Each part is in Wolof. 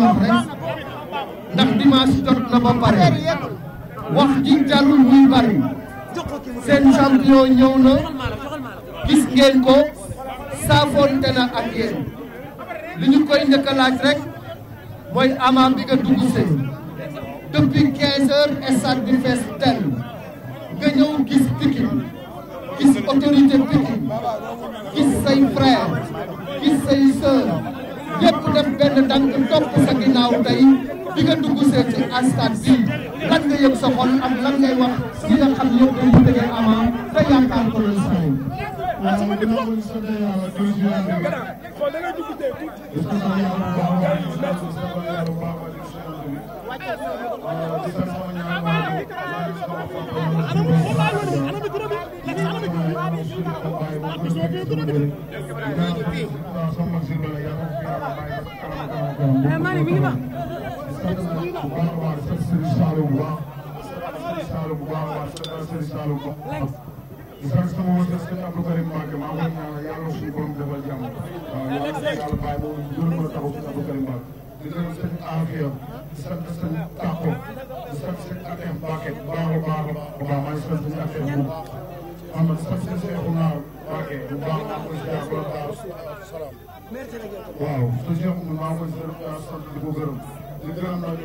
dimanche rek ndax dimanche jot na ba pare wax ji jàllul muy bari seen champion ñëw na gis ngeen ko saafoonte na ak yéen li ñu koy njëkk a rek mooy Ama bi nga dugg see depuis 15 heures bi fees dell nga ñëw gis Pikine gis autorité Pikine gis say frère gis say sœur ñëpp def benn tànk topp sa ginnaaw tey bi nga dugg ci stade bi lan yëg sa xol am lan ngay wax li nga xam yëpp dañu bëgg Ama te yaakaar si moom. a sant yàlla a a di mari mi ngi ma di sant sama woon sëñ Abdou Karim Mbacke maa ngi ñaanal yàlla suñu borom defal jàmm waaw yàlla bàyyi moom ñu mën a taxaw sëñ Abdou Karim Mbacke di gërëm sëñ Afia di sant sëñ Tako di sant sëñ Atem Mbacke baax a baax a baax maa ngi sant sëñ Atem Ahmad Sassou Cheikhouna Mbacké bu baax maa koy salaam. waaw sa Cheikh maa koy sant di ko gërëm. di gërëm nag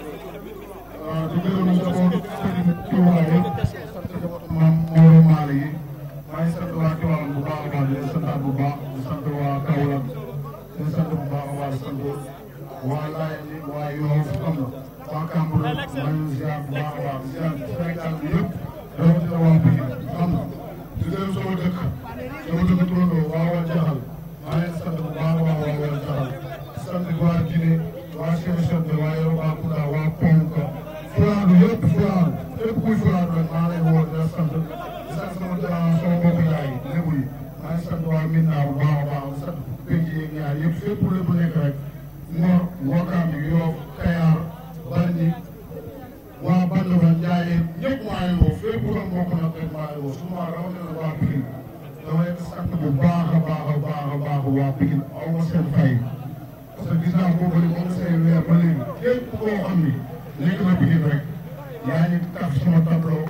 di gërëm nag d'abord sëriñ Touba yëpp maam Mawla Maale yi maa ngi sant waa Tivaouane bu baax a baax di leen santaat bu baax di sant waa Kaolack di leen sant bu baax a baax di sant waa Laye yi waa Yoff am na waa Kambourou maa ngi ziar bu baax a baax di ziar Sénégal bi yëpp rawatina waa Pikine am na. di gërëm sama dëkk sama dëkk turandoo waa waa Jaxal maa ngi sant bu baax waa waa waa Jaxal sant waa Guinée waa Sèche Sèche waa Yoruba Kouta waa Ponka Fulaadu yëpp Fulaadu yëpp kuy Fulaadu baax a baax baax baax waa Pikine aw ma seen fay parce que gis naa boobu ni moom say weer ba léegi képp ni nekk na Pikine rek yaa ngi tax sama tableau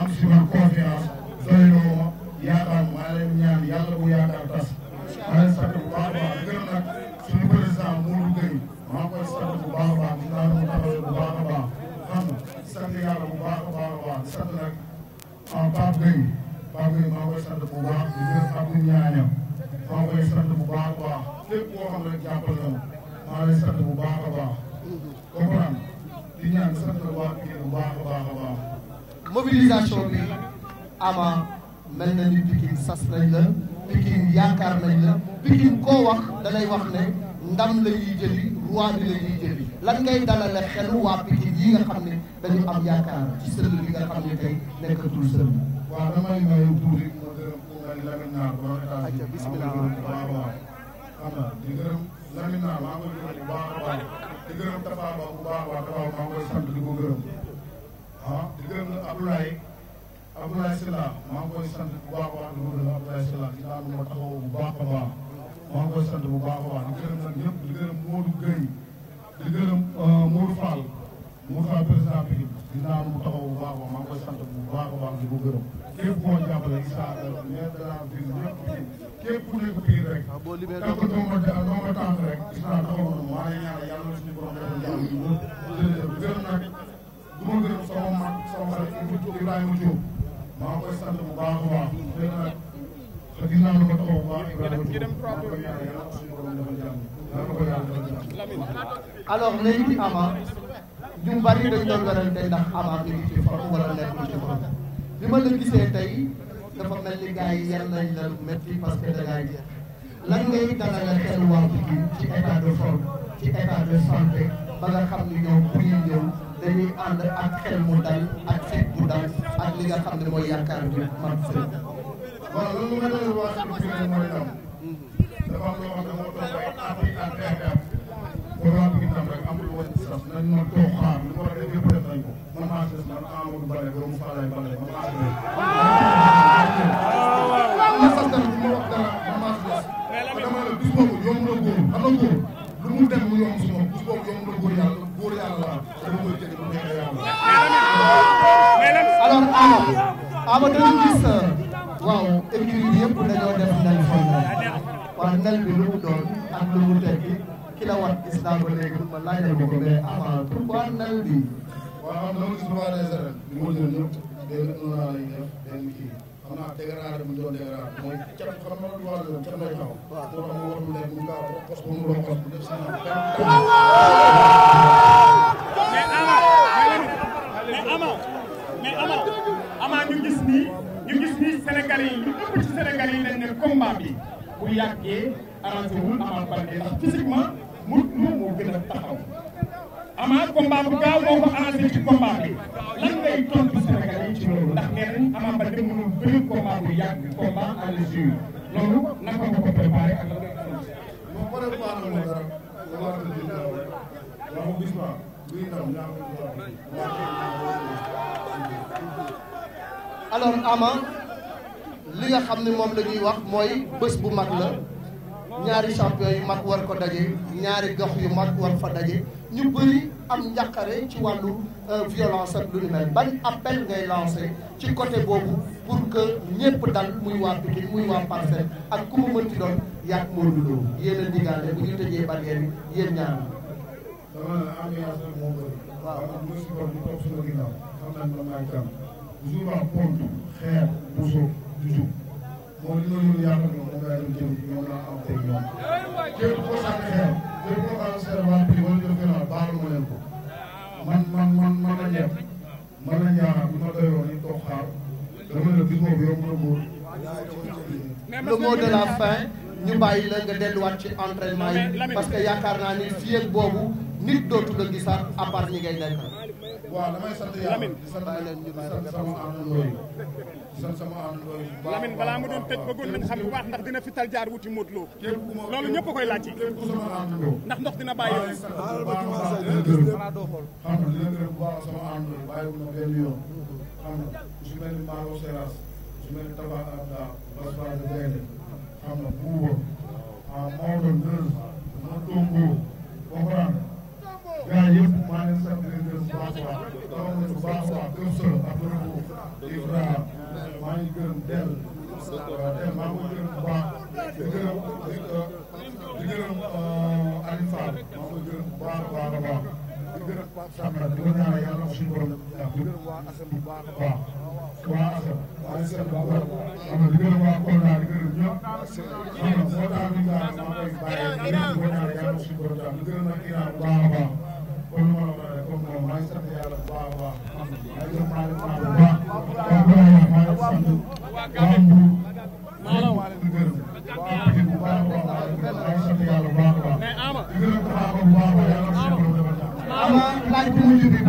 am si man confiance doyloo ma yaakaar ñaan yàlla bu yaakaar tas maa leen sant bu baax a baax gërëm nag suñu président Modou Gueye maa koy sant bu baax baax gis naa mu taxawee bu baax baax xam nga sant yàlla bu baax a baax a baax sant nag ah, Pape Gueye xam ne maa ngi koy sant bu baax di gërëm Abdou Niagnam maa ngi koy sant bu baax a baax lépp koo xam ne jàppal na maa ngi lay sant bu baax a baax comprendre di ñaan sant bu baax di bu baax a baax a baax. mobilisation bi ama mel na ni Pikine sas nañ la Pikine yaakaar nañ la Pikine koo wax danay wax ne ndam la ñuy jëli roi bi la ñuy jëli lan ngay dalale xelu waa Pikine yi nga xam ne dañu am yaakaar ci sëriñ bi nga xam ne tey nekkatul sëriñ. waaw damay may tuuti ma gërëm ku gërëm bu baax a baax xam na di gërëm Lamine Naar maa a Ba bu baax a sant di ko gërëm ah, di gërëm nag Abdoulaye Abdoulaye Sylla sant bu baax a baax di ko gërëm Abdoulaye Sylla ci daanu ma taxawoo bu baax a baax sant bu baax a di gërëm nag ñëpp di gërëm Modou Gueye di euh, dinaa am taxaw bu baax a maa ngi koy sant bu baax a baax di ko gërëm. képp koo jàppale Issa maire de la ville ñëpp képp ku nekk biir rek. Ah, képp ku ma ma tànn rek. Issa taxaw na maa ngi ñaan yàlla suñu borom defal jàmm yu bëri. jërëjëf gërëm nag du ma gërëm sama mag sama xarit Ibrahima Diop maa ngi koy sant bu baax a baax dégg nag gis naa lu ko taxaw bu baax Ibrahima Diop maa ngi koy ñaan yàlla suñu borom defal jàmm yàlla ko yàlla defal jàmm. alors léegi Ama. ñu bari dañ doon werante ndax Ama mi ngi ci forme wala nekkul ci forme bi ma la gisee tey dafa mel ni gars yar nañ la lu métti parce da ngaa jeex lan ngay dalal xel waa bi ci état xel mu dal ak xel bu dal ak li nga xam ne mooy yaakaar bi man sëñ sax nañ ma toog xaar li ma war a def yëpp def nañ ko man maa si des man Amadou Bale borom Falaye Bale man maa si des. man sax dara bu ma wax dara man maa si des. dama ne bis boobu yomb na góor am na góor lu mu dem mu yomb si moom bis boobu yomb na góor yàlla góor yàlla la te dama koy jënd mu nekk yàlla. alors Ama Ama dañu gis waaw écurie bi yëpp dañoo def ndel foofu waaw ndel bi lu mu doon ak lu mu teg. nekkul man laaj la ko mais Ama pourquoi nal bi. waaw xam nga souvent day seet rek. li ma jël ñëpp benn un an lañ def benn kii xam naa dégradé bu ñu doon dégradé mooy ceeb xam nga lu ma la ceeb lay xaw. waaw moo tax mu war mu nekk mu gaaw a xos ba mu doon xos bu def seen mais Ama mais Ama Ama ñu gis nii ñu gis nii Sénégal yi ñu ëpp ci Sénégal yi dañ ne combat bi bu yàggee arrangé wul Ama Baldé ndax physiquement. Modou Lo moo gën a taxaw Ama combat bu gaaw moo ko arrangé ci combat bi lan ngay ci loolu ndax nee nañ Ama Baldé bëri combat yàgg combat à la nga li nga xam ne moom lañuy wax mooy bés bu mag la ñaari champion yu mag war ko daje ñaari gox yu mag war fa daje ñu bëri am njàqare ci wàllu euh, violence ak lu ni mel ban appel ngay lancé ci côté boobu pour que ñëpp dal muy waa Pikine muy waa Parcelles ak ku mu mënti doon yàgg Modou Lo yéen a digaale bu ñu tëjee barrière yi yéen ñaar. dama la ambiance nag moo bëri. waaw man mosu ko bu toog sama ginnaaw xam naa ne man maa ngi tàmm. toujours wax xeer bu soog du jub. moom ma mën a yàqu ñoom moom laa doon jëm ñoom man man man man a a bi ma doyoon ni a góor le mot de la fin ñu bàyyi la nga delluwaat ci entraînement yi parce que yaakaar naa ni fii ak boobu nit dootu la gisaat à part ngay nekk waaw damay sant yàlla di sant sama àndandoo yi di sant sama àndandoo yi Lamine balaa mu doon tëj bëggoon nañ xam bu baax ndax dina fital jaar wuti Modou Lo loolu ñëpp koy laaj képp ndax ndox dina bàyyi yoon xam nga dina gërëm bu ma benn yoon xam nga su mel ni Maalo Seras su mel ni Tabax Abda Basbal xam nga buuba gëm solo ak loolu Ibrahima maa ngi gërëm del del maa ngi gërëm bu baax di gërëm di gërëm euh, Alioune Fall maa ngi gërëm a baax a baax di gërëm Pape Samba di ko ñaanal yàlla na ko suñu borom di gërëm waa Assane a baax waa Assane waa Assane bu baax xam nga di gërëm waa baax continuité bi